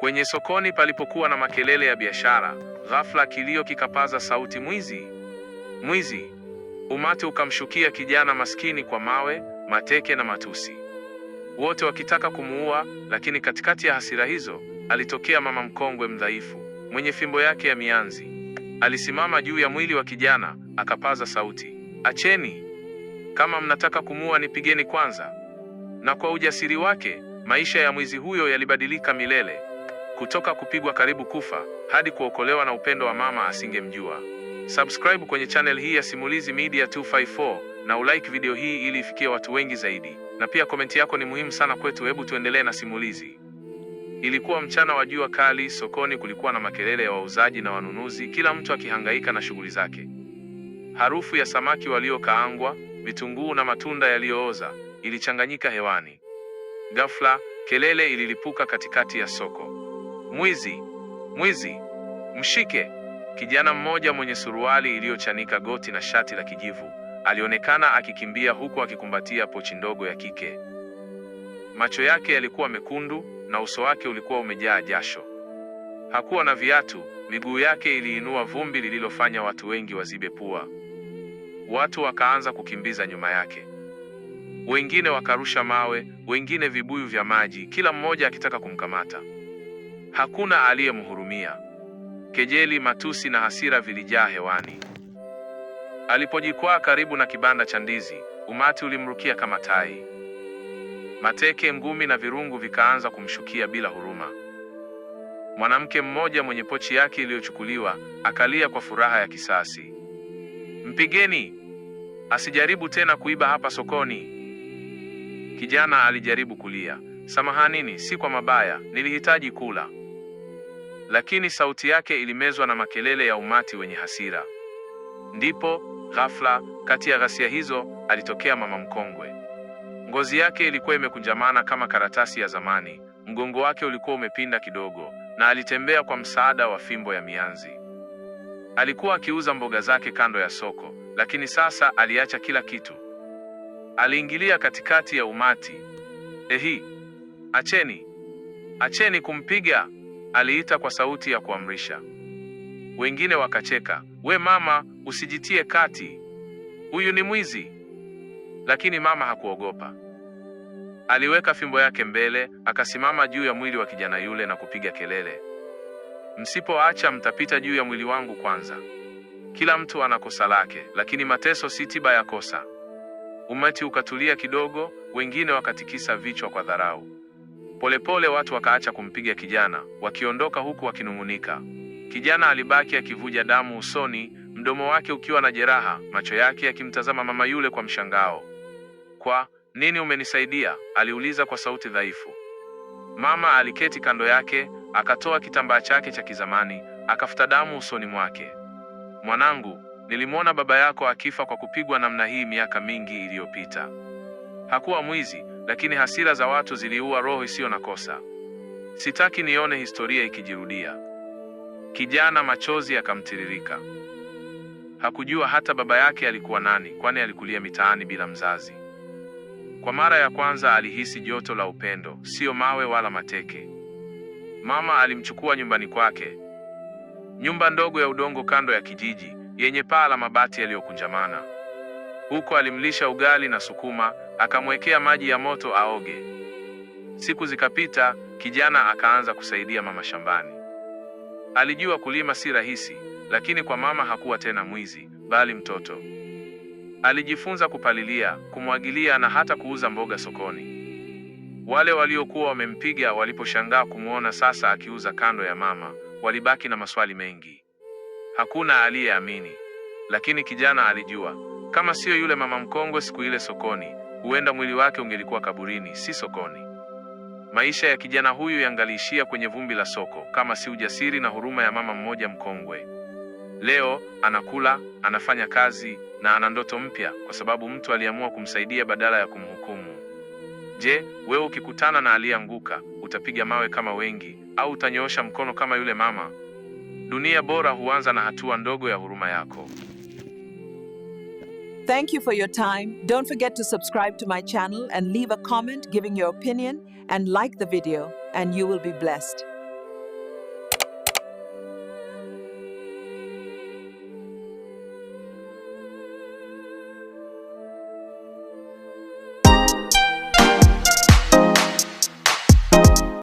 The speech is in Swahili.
Kwenye sokoni palipokuwa na makelele ya biashara, ghafla kilio kikapaza sauti, mwizi, mwizi! Umati ukamshukia kijana maskini kwa mawe, mateke na matusi, wote wakitaka kumuua. Lakini katikati ya hasira hizo, alitokea mama mkongwe mdhaifu mwenye fimbo yake ya mianzi. Alisimama juu ya mwili wa kijana akapaza sauti, acheni! Kama mnataka kumuua, nipigeni kwanza. Na kwa ujasiri wake, maisha ya mwizi huyo yalibadilika milele kutoka kupigwa karibu kufa hadi kuokolewa na upendo wa mama asingemjua. Subscribe kwenye channel hii ya Simulizi Media 254 na ulike video hii ili ifikie watu wengi zaidi, na pia komenti yako ni muhimu sana kwetu. Hebu tuendelee na simulizi. Ilikuwa mchana wa jua kali. Sokoni kulikuwa na makelele ya wauzaji na wanunuzi, kila mtu akihangaika na shughuli zake. Harufu ya samaki waliokaangwa, vitunguu na matunda yaliyooza ilichanganyika hewani. Ghafla kelele ililipuka katikati ya soko. Mwizi, mwizi, mshike! Kijana mmoja mwenye suruali iliyochanika goti na shati la kijivu alionekana akikimbia huku akikumbatia pochi ndogo ya kike. Macho yake yalikuwa mekundu na uso wake ulikuwa umejaa jasho. Hakuwa na viatu, miguu yake iliinua vumbi lililofanya watu wengi wazibe pua. Watu wakaanza kukimbiza nyuma yake, wengine wakarusha mawe, wengine vibuyu vya maji, kila mmoja akitaka kumkamata. Hakuna aliyemhurumia. Kejeli, matusi na hasira vilijaa hewani. Alipojikwaa karibu na kibanda cha ndizi, umati ulimrukia kama tai. Mateke, ngumi na virungu vikaanza kumshukia bila huruma. Mwanamke mmoja mwenye pochi yake iliyochukuliwa akalia kwa furaha ya kisasi, mpigeni, asijaribu tena kuiba hapa sokoni. Kijana alijaribu kulia, samahanini, si kwa mabaya, nilihitaji kula lakini sauti yake ilimezwa na makelele ya umati wenye hasira. Ndipo ghafla, kati ya ghasia hizo, alitokea mama mkongwe. Ngozi yake ilikuwa imekunjamana kama karatasi ya zamani, mgongo wake ulikuwa umepinda kidogo, na alitembea kwa msaada wa fimbo ya mianzi. Alikuwa akiuza mboga zake kando ya soko, lakini sasa aliacha kila kitu. Aliingilia katikati ya umati. Ehi, acheni, acheni kumpiga! aliita kwa sauti ya kuamrisha. Wengine wakacheka, we mama, usijitie kati, huyu ni mwizi. Lakini mama hakuogopa. Aliweka fimbo yake mbele, akasimama juu ya mwili wa kijana yule na kupiga kelele, msipoacha mtapita juu ya mwili wangu kwanza. Kila mtu ana kosa lake, lakini mateso si tiba ya kosa. Umati ukatulia kidogo, wengine wakatikisa vichwa kwa dharau. Polepole watu wakaacha kumpiga kijana, wakiondoka huku wakinung'unika. Kijana alibaki akivuja damu usoni, mdomo wake ukiwa na jeraha, macho yake yakimtazama mama yule kwa mshangao. Kwa nini umenisaidia? aliuliza kwa sauti dhaifu. Mama aliketi kando yake, akatoa kitambaa chake cha kizamani, akafuta damu usoni mwake. Mwanangu, nilimwona baba yako akifa kwa kupigwa namna hii miaka mingi iliyopita. Hakuwa mwizi, lakini hasira za watu ziliua roho isiyo na kosa. Sitaki nione historia ikijirudia. Kijana machozi yakamtiririka. Hakujua hata baba yake alikuwa nani, kwani alikulia mitaani bila mzazi. Kwa mara ya kwanza alihisi joto la upendo, sio mawe wala mateke. Mama alimchukua nyumbani kwake, nyumba ndogo ya udongo kando ya kijiji yenye paa la mabati yaliyokunjamana. Huko alimlisha ugali na sukuma, akamwekea maji ya moto aoge. Siku zikapita, kijana akaanza kusaidia mama shambani. Alijua kulima si rahisi, lakini kwa mama hakuwa tena mwizi, bali mtoto. Alijifunza kupalilia, kumwagilia na hata kuuza mboga sokoni. Wale waliokuwa wamempiga waliposhangaa kumwona sasa akiuza kando ya mama, walibaki na maswali mengi. Hakuna aliyeamini, lakini kijana alijua kama siyo yule mama mkongwe siku ile sokoni, huenda mwili wake ungelikuwa kaburini, si sokoni. Maisha ya kijana huyu yangaliishia kwenye vumbi la soko, kama si ujasiri na huruma ya mama mmoja mkongwe. Leo anakula, anafanya kazi na ana ndoto mpya, kwa sababu mtu aliamua kumsaidia badala ya kumhukumu. Je, wewe ukikutana na aliyeanguka utapiga mawe kama wengi au utanyoosha mkono kama yule mama? Dunia bora huanza na hatua ndogo ya huruma yako. Thank you for your time. Don't forget to subscribe to my channel and leave a comment giving your opinion and like the video, and you will be blessed.